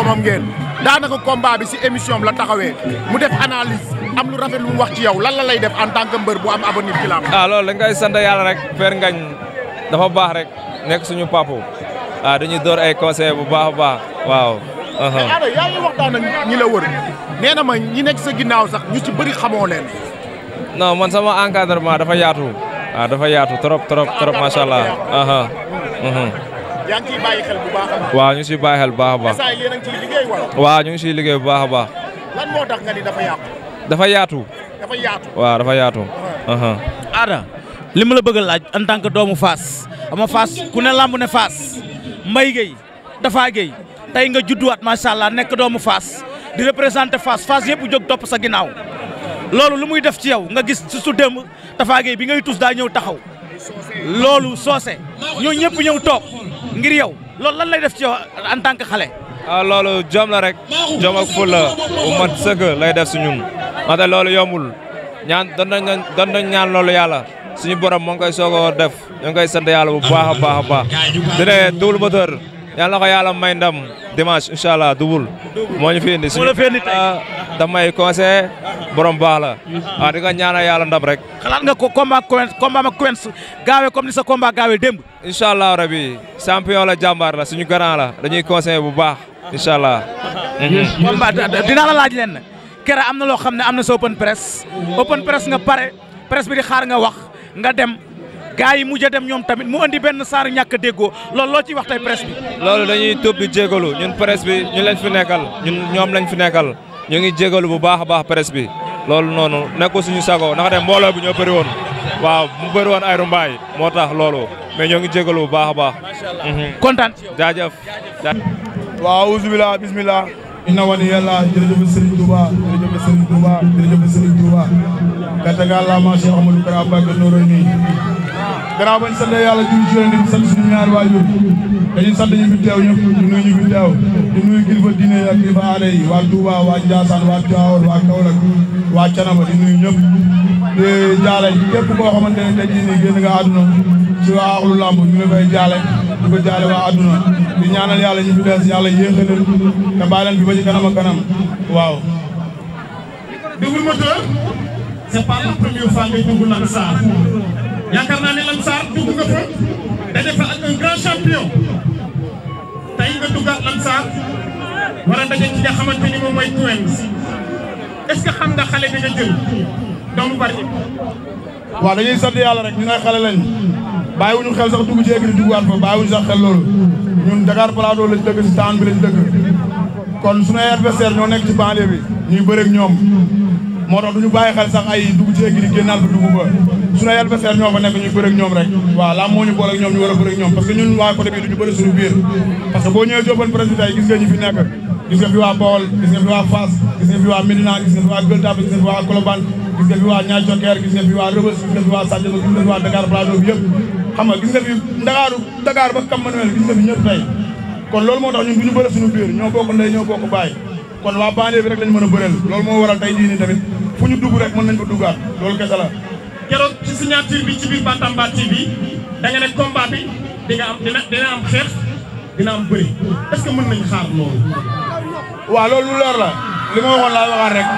doomam ngeen daanaka combat bi si émission la taxawee mu def analyse am lu rafet lu mu wax ci yow lan la lay def en tant que mbër bu am avenir ci làmb. ah loolu dañ koy sant yàlla rek Père dafa baax rek nekk suñu papa ah, waaw dañuy door ay conseil bu baax a baax waaw. Uh-huh. mais Ada yaa ngi waxtaan ñi la wër nee na ma ñi nekk sa ginnaaw sax ñu ci bëri xamoo leen. non man sama encadrement dafa yaatu. waaw ah, dafa yaatu trop trop trop macha allah. yaa ngi ciy bàyyi xel bu baax a waaw ñu ngi ciy bàyyi xel bu baax a baax. saa liggéey ñu ngi liggéey bu baax a baax. moo tax dafa yaatu. dafa yaatu. dafa yaatu. waaw uh-huh. Uh-huh. li ma la bëgg laaj en tant que doomu Fass ama Fass ku ne lamb ne Fass Mbaye Gueye Dafa Gueye tey nga judduwaat macha allah nekk doomu Fass di représenté Fass Fass yëpp jóg topp sa ginnaaw loolu lu muy def ci yow nga gis su démb Dafa Gueye bi ngay tus daa ñëw taxaw loolu soose ñoo ñëpp ñëw toog. ngir yow loolu lan lay def ci yow en tant que xale. ah loolu jom la rek jom ak ful la bu mat sëkk lay def si ñun ndaxte loolu yombul ñaan doon nañ doon nañ ñaan loolu yàlla suñu borom moo ngi koy soog def ñoo ngi koy sant yàlla bu baax a baax a baax. yàlla na ko yàlla may ndam dimanche incha dubul moo ñu fi indi ah, may conseil borom baax la waaw di ko ndam rek xalaat nga ko combat combat ma Quench gaawee comme ni sa combat gaawee démb incha allah rabi champion la jàmbaar la suñu grand la dañuy conseil bu baax incha allah combat dinaa la laaj leen kera am na loo xam ne am na sa open press mm-hmm. open press nga pare press bi di xaar nga wax nga dem gars yi mujj dem ñoom tamit mu andi benn saar ñàkk a déggoo loolu loo ciy wax tey presse bi. loolu dañuy tëb di jégalu ñun presse bi ñu lañ fi nekkal ñun ñoom lañ fi nekkal ñu ngi jégalu bu baax a baax presse bi loolu noonu nekkul suñu sago ndax dem mbooloo bi ñoo bëri woon waaw mu bëri woon ay rumbaay moo tax loolu mais ñoo ngi jégalu bu baax a baax. Mhm. kontaan jaajëf. waaw bisimilah bisimilah. inna wali yàlla jërëjëf Serigne Touba jërëjëf Serigne Touba jërëjëf Serigne Touba. kàttan ak àllama Cheikh Amadou Kara Mbacké gannaaw bañ sant yàlla jur ci yonent bi sant suñu ñaari waajur dañuy sant ñu fi teew ñëpp di nuyu ñu fi teew di nuyu kilifa diine yi ak kilifa aada yi waa Touba waa Ndiassane waa Tivaouane waa Kaolack waa Canaba di nuyu ñëpp di jaale képp koo xamante ne tey jii nii génn nga àdduna waa axlu lamb ñu ngi fay jaale di ko jaale waa àdduna di ñaanal yàlla ñu fi des yàlla yéexe leen te bàyyi leen fi ba ci kanam ak kanam waaw déglu ma c'est pas Touba war a daje ci nga xamante ni xam nga xale bi nga jël doomu Bargny. yàlla rek ñu ne xale lañ bàyyiwuñu xel sax dugg ci écrit duggaat fa bàyyiwuñu sax xel loolu ñun Dakar Plateau lañ dëkk si taan bi lañ dëkk kon suñu adversaire ñoo nekk ci banlieue bi ñu bëreeg ñoom moo tax duñu bàyyi xel sax ay dugg ci écrit génnaal fa dugg ba. suñu adversaire ñoo fa nekk ñu ñoom rek waaw laa moo ñu ñoom ñu ñoom parce ñun waa côté bi duñu bëri suñu biir parce boo ñëwee Joppane président yi fi nekk gis fi waa Bawol gis nga fi fi waa Médina fi waa Gueule Tapée gis nga fi waa Colobane gis nga fi waa Niayes Thioker gis nga fi fi waa Sandiara gis nga fi waa fi Ndakaaru Dakar ba Cap fi ñëpp kon keroog ci signature bi ci biir Bantamba TV da nga ne combat bi di am dina dina am xeex bëri est que mën nañ xaar loolu. waa loolu lu leer la li ma waxoon laay waxaat rek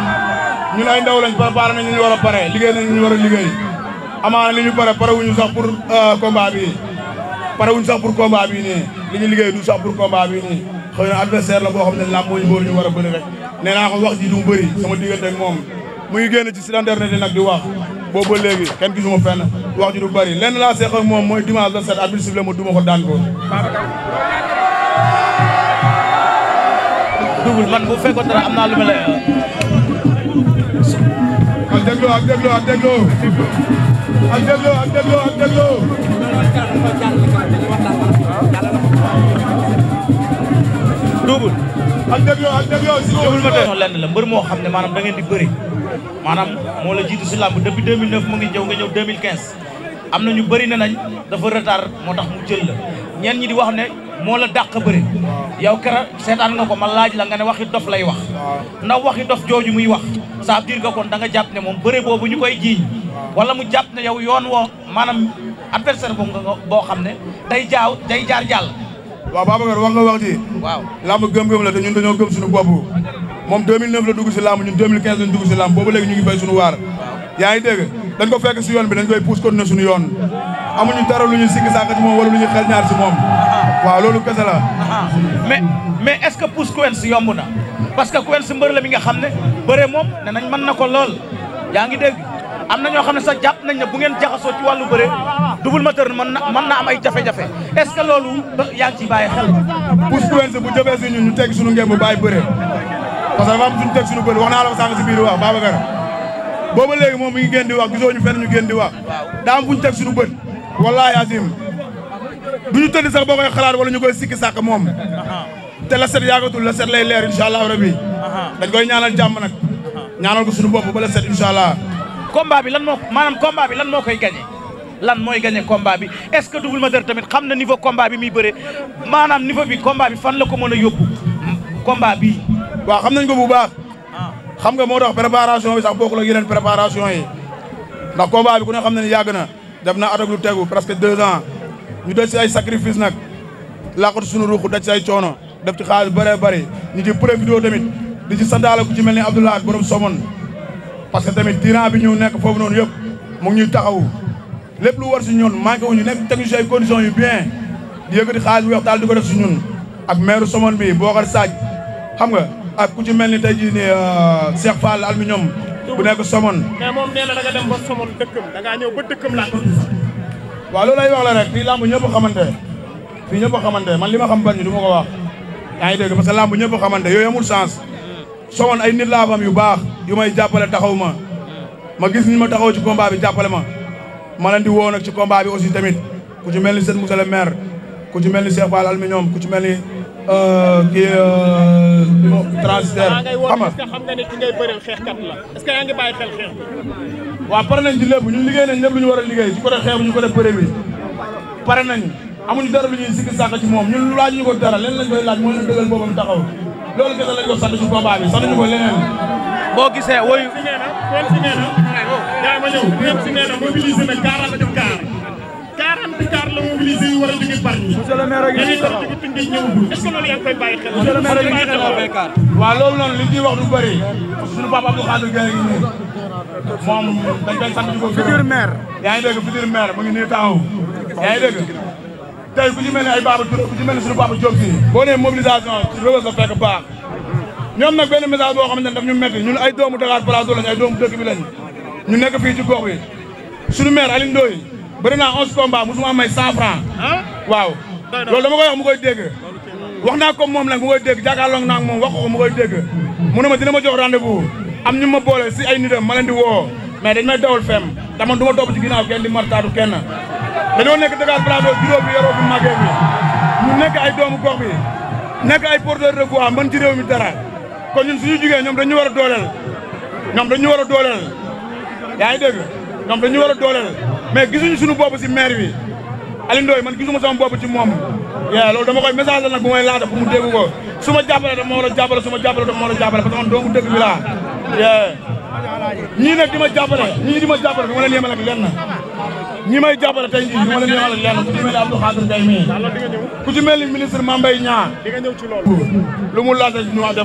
ñun ay ndaw lañ préparé ñu war a pare liggéey nañ ñu war a liggéey amaana li ñu pare pare ñu sax pour euh, combat bi pare wuñu sax pour combat bi nii li ñu liggéey du sax pour combat bi nii xëy na adversaire la boo xam ne làmb moo ñu boor ñu war a bëri rek nee naa ko wax ji du mu bëri sama moom. mu ngi génn ci site internet yi nag di wax boobu ba léegi kenn gisuma fenn wax ji du bëri lenn laa seq ak moom mooy dimanche 27 arbitre sifflé ma duma ko daan ko. Double man bu fekkoon dara am naa lu mel ne. ak dégloo ak dégloo ak dégloo. ak dégloo ak dégloo ak dégloo. mbër moo xam ne maanaam da ngeen di bëri. maanaam moo la jiitu si làmb depuis 2009 mu ngi ñëw nga ñëw 2015 am na ñu bëri ne nañ dafa retard moo tax mu jël la ñi di wax ne moo la dàq bëri yow kera seetaan nga ko ma laaj la nga ne waxi dof lay wax ndax waxi dof jooju muy wax ça veut dire que kon da nga jàpp ne moom bëre boobu ñu koy jiiñ wala mu jàpp ne yow yoon woo maanaam adversaire boobu nga boo xam ne day jaaw day jaar jàll waaw Babacar wax nga wax ji waaw làmb gëm-gëm la te ñun dañoo gëm suñu bopp moom 2009 la dugg si làmb boobu léegi ñu ngi béy suñu waar yaa ngi dégg dañ ko fekk si yoon bi dañ koy pousse continuer suñu yoon amuñu dara lu ñu sikki sàkk moom wala lu ñu xel ñaar si moom waaw loolu kese la mais mais est-ce que pousse Quench yomb na parce que Quench mbër la mi nga xam ne bëre moom ne nañ mën na ko lool yaa ngi dégg am na ñoo xam ne sax jàpp nañ ne bu ngeen jaxasoo ci wàllu bëre Double Moteur mën na man na am ay jafe-jafe est-ce que loolu yaa bu jëfee si ñu teg suñu ngeen bu bàyyi bëre parce que dafa am suñu wax naa la ko sànq si biir wax Babacar booba léegi moom mi ngi gën di wax gisoo ñu fenn ñu gën ñu teg wallaahi azim du ñu tëdd sax boo koy xalaat wala ñu koy sikki sàkk moom uh-huh. te la set yaagatul la lay leer incha allah rabi uh-huh. dañ koy ñaanal jàmm nag uh-huh. ñaanal ko suñu bopp ba la set incha allah combat bi lan moo maanaam combat bi lan moo koy gagné lan mooy gagné combat bi est-ce que Double Moteur tamit xam na niveau combat bi muy bëre maanaam niveau bi combat bi fan la ko mën a yóbbu combat bi waaw xam nañ ko bu baax. Ah. xam nga moo tax préparation bi sax bokkul ak yeneen préparation yi ndax combat bi ku ne xam na ne yàgg na def na at ak lu tegu presque deux ans ñu daj si ay sacrifice nag laqatu sunu ruux daj si ay coono def ci xaalis bëree bëri ñu ci profité tamit di ci sandaale ku ci mel ni Abdoulaye ak borom Somone parce que tamit tyran bi ñu nekk foofu noonu yëpp mu ngi ñuy taxawu lépp lu war si ñun manqué wuñu nekk technicien ay conditions yu bien di yëkkati xaalis weex daal di ko def si ñun ak maire Somone bi Bokar Sadj xam nga. ak ku ci mel ni tey jii nii euh, Cheikh Fall aluminium bu nekk Somone. mais moom nee na da ba Somone dëkkam da ba dëkkam laa. waaw loolu lay wax la rek fii làmb ñëpp xamante fii ñëpp xamante man li ma xam bëri du ma ko wax. yaa ngi dégg parce que làmb ñëpp xamante yooyu amul sens. Somone ay nit yu baax yu may jàppale taxaw ma. ma gis ni ma taxaw ci combat bi jàppale ma. leen di woo nag ci combat bi aussi tamit ku ci mel ni seen monsieur le maire ku ci mel ni Cheikh Fall aluminium ku ci mel ni. kii euh, transitaire xam nga. xam nga ne ki ngay bëreel xeexkat la est-ce que yaa ngi bàyyi xel xeex bi. waaw pare nañ ci ñun liggéey nañ lépp lu ñu war a liggéey ci côté xeex bi ñu ko def bëre bi pare nañu amuñu dara lu ñuy sikki sàkk ci moom ñun laaj ñu ko dara leen lañ koy laaj moo ñu dëggal boobam taxaw loolu kese lañ ko sant ci combat bi sant ñu boo gisee woyu. si nee na si nee na. yaa ma ñëw si nee ñaata kaar la mobilisé yu war a jóge par ñi. a ngi tënk loolu a noonu li ñuy wax du bëri suñu papa Abdou Khadir Gueye ngi nii moom dañ koy sant di ko gërëm. futur maire. yaa ngi dégg futur maire mu ngi nii taxaw yaa ngi tey ku ci mel ne ay Baba Touré ku ci mel ne suñu papa Diop si. boo nee mobilisation ci rëbës la fekk baax ñoom nag benn message boo xamante ne daf ñu metti ñun ay doomu Dakar Plateau lañ ay doomu dëkk bi ñu nekk fii ci gox bi suñu maire Alioune bëri naa onze combat musuma may cent franc waaw loolu dama koy wax mu koy dégg wax naa comme moom nag mu koy dégg jàkkaarloog naa moom wax ko mu koy mu ne ma dina ma jox rendez-vous am ñu ma boole si ay nitam ma di woo mais dañ may dawal fem te man du ma topp ci ginnaaw kenn di dañoo nekk Dakar Plateau juróom bi yoroo bi màggee bi nekk ay doomu gox bi nekk ay porteur de voix mën ci réew mi dara kon ñun suñu jugee ñoom dañu war a dooleel ñoom dañu war a dooleel yaa ngi dégg dañu war a dooleel mais gisuñu sunu bopp si maire bi Aliou Ndoye man gisuma sama bopp ci moom yaa loolu dama koy message la nag bu may laata pour mu dégg ko su ma jàppale dama war a jàppale su ma jàppale dama war a jàppale parce que man bi di ma jàppale ñii di ma jàppale du ma leen yemal ak lenn ma leen yemal ak lenn ku ci mel ni Abdou Khadir Gaye mii ku ci mel ni ministre Mame def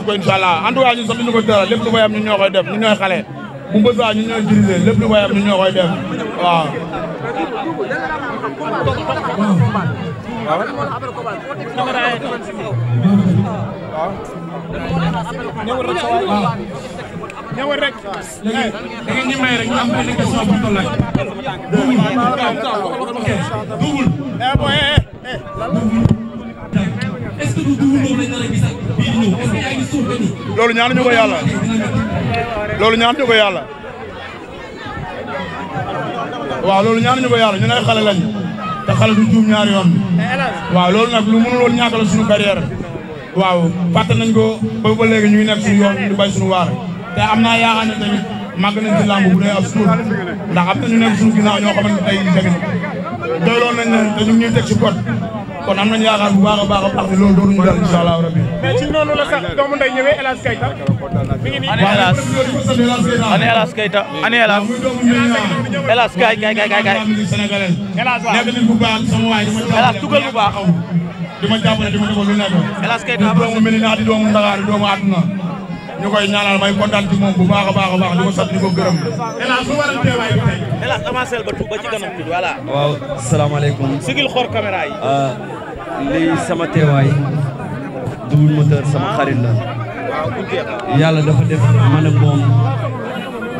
ko incha allah en tout cas ñun sax ñu ko dara lépp lu fay am ñu ñoo koy def ñu ñooy ñoo koy waaw. waaw. ñëwal rek. léegi da ngeen ñu may rek ñu am benn question bu ñu ko laaj. duubul. est-ce que du duubul boobu lañ nar a gisaat bii di ñëw est-ce que yaa ngi suuf ba nii. loolu ñaan ñu ko yàlla. loolu ñaan ñu ko yàlla. waaw loolu ñaanuñu ko yàlla ñu ay xale lañ te xale du juum ñaari yoon waaw loolu nag lu mënul woon ñàkk la suñu carrière waaw fàtte nañ ko ba ba léegi ñu ngi nekk suñu yoon di bay suñu waar te am naa yaakaar ne tamit màgg nañ ci làmb bu dee ab suul ndax am na ñu nekk suñu ginnaaw ñoo xamante ne tey jege doyloon nañ leen te ñu ngi ñuy teg ci code kon am nañu yaakaar bu baax a baax a baax loolu doonuñu dal incha allah rabbi. mais ci noonu la sax doomu ndey ñëwee El Hadj Keita. ane El Hadj ane El Hadj Keita ane El Hadj. El Hadj kay kay kay kay. El Hadj waaw doomu Medina di doomu Ndakaaru doomu àdduna. ñu koy ñaanal may kontaan ci moom bu baax a baax a baax di ko sant di ko gërëm. El Hadj su waral teewaay bi tey. El voilà. waaw ah, sama teewaay. double moteur sama xarit la. yàlla dafa def man ak moom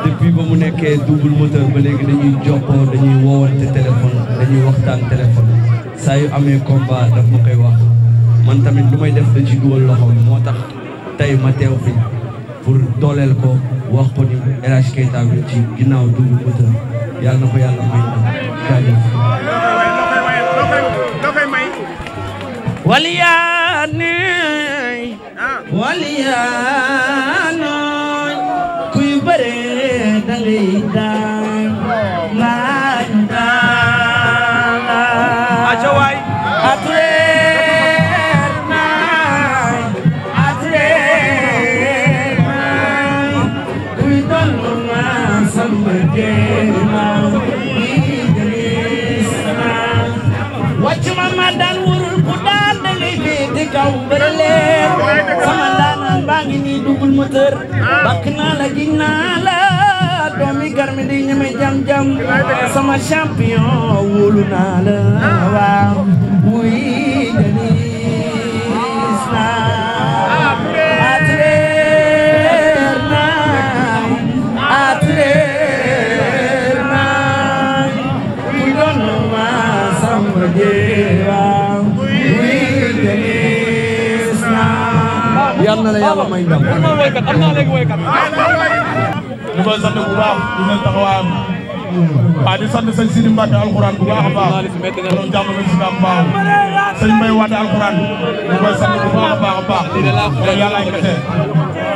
depuis ba mu nekkee double moteur ba léegi dañuy jokkoo dañuy woowante téléphone dañuy waxtaan téléphone saa yu amee combat daf ma koy wax man tamit lu may def da ci dugal loxo moo tax tey ma teew fii pour dooleel ko wax ko ni El Hadj Keita bi ci ginnaaw dugub bu tënk yàlla na ko yàlla may ndam jaajëf. waliyaanooy waliyaanooy kuy bare da ngay daal daan warul ku daan da ngay féete kaw bëri leer sama ndaanaan baa ngi nii dugul moteur bakk naa la gis naa la doomi garmi di ñeme jam jam sama champion wóolu naa la waaw wuy Denis naa ah, yal na la yàlla may ndam. man maa woykat am naa léegi woykat. di koy sant bu baax di leen taxawaayam. waaw di sant sëñ Sidi Mbacke alxuraan bu baax a baax. loolu jàmm nañ si daan baax. sëñ Mbaye Wade alxuraan. di koy sant bu baax a baax a baax. loolu yàlla ay kese.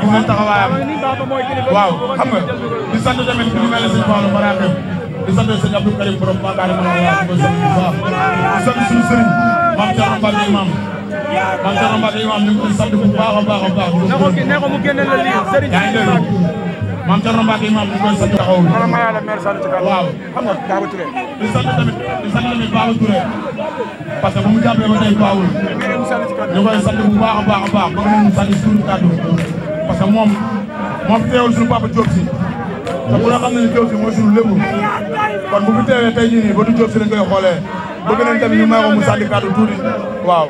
di leen taxawaayam. waaw xam nga di sant tamit ku mel ne sëñ Fallou Barake. di sant sëñ Abdou Karim borom Mbacke Aliouma di koy sant bu baax. di sant suñu sëriñ maam Thierno Mbacke maam. man Thierno Mbacke imaam ñu ngi koy sant bu baax a baax a baax. ne ko ne ko mu génne la lii Serigne yaa ngi dégg man Thierno Mbacke imaam ñu ngi koy sant taxaw bi. wala ma yàlla mer sant ci kaw. waaw xam nga Baba Touré. di sant tamit di sant tamit Baba Touré parce que bu mu jàppee ba tey baawul. ñu koy sant bu baax a baax a baax ba nga ñu sant suñu kàddu parce que moom moom teewul suñu papa Diop si. te bu nga xam ne Diop si mooy suñu lépp kon bu fi teewee tey jii nii ba du Diop si lañ koy xoolee bëgg nañ tamit ñu may ko mu sànni kàddu tuuti waaw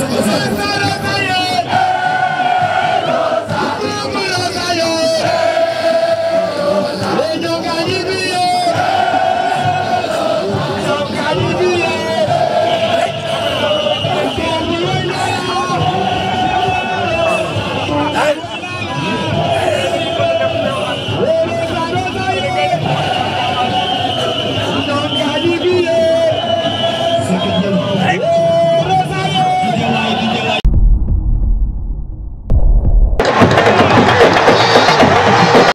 Let's go.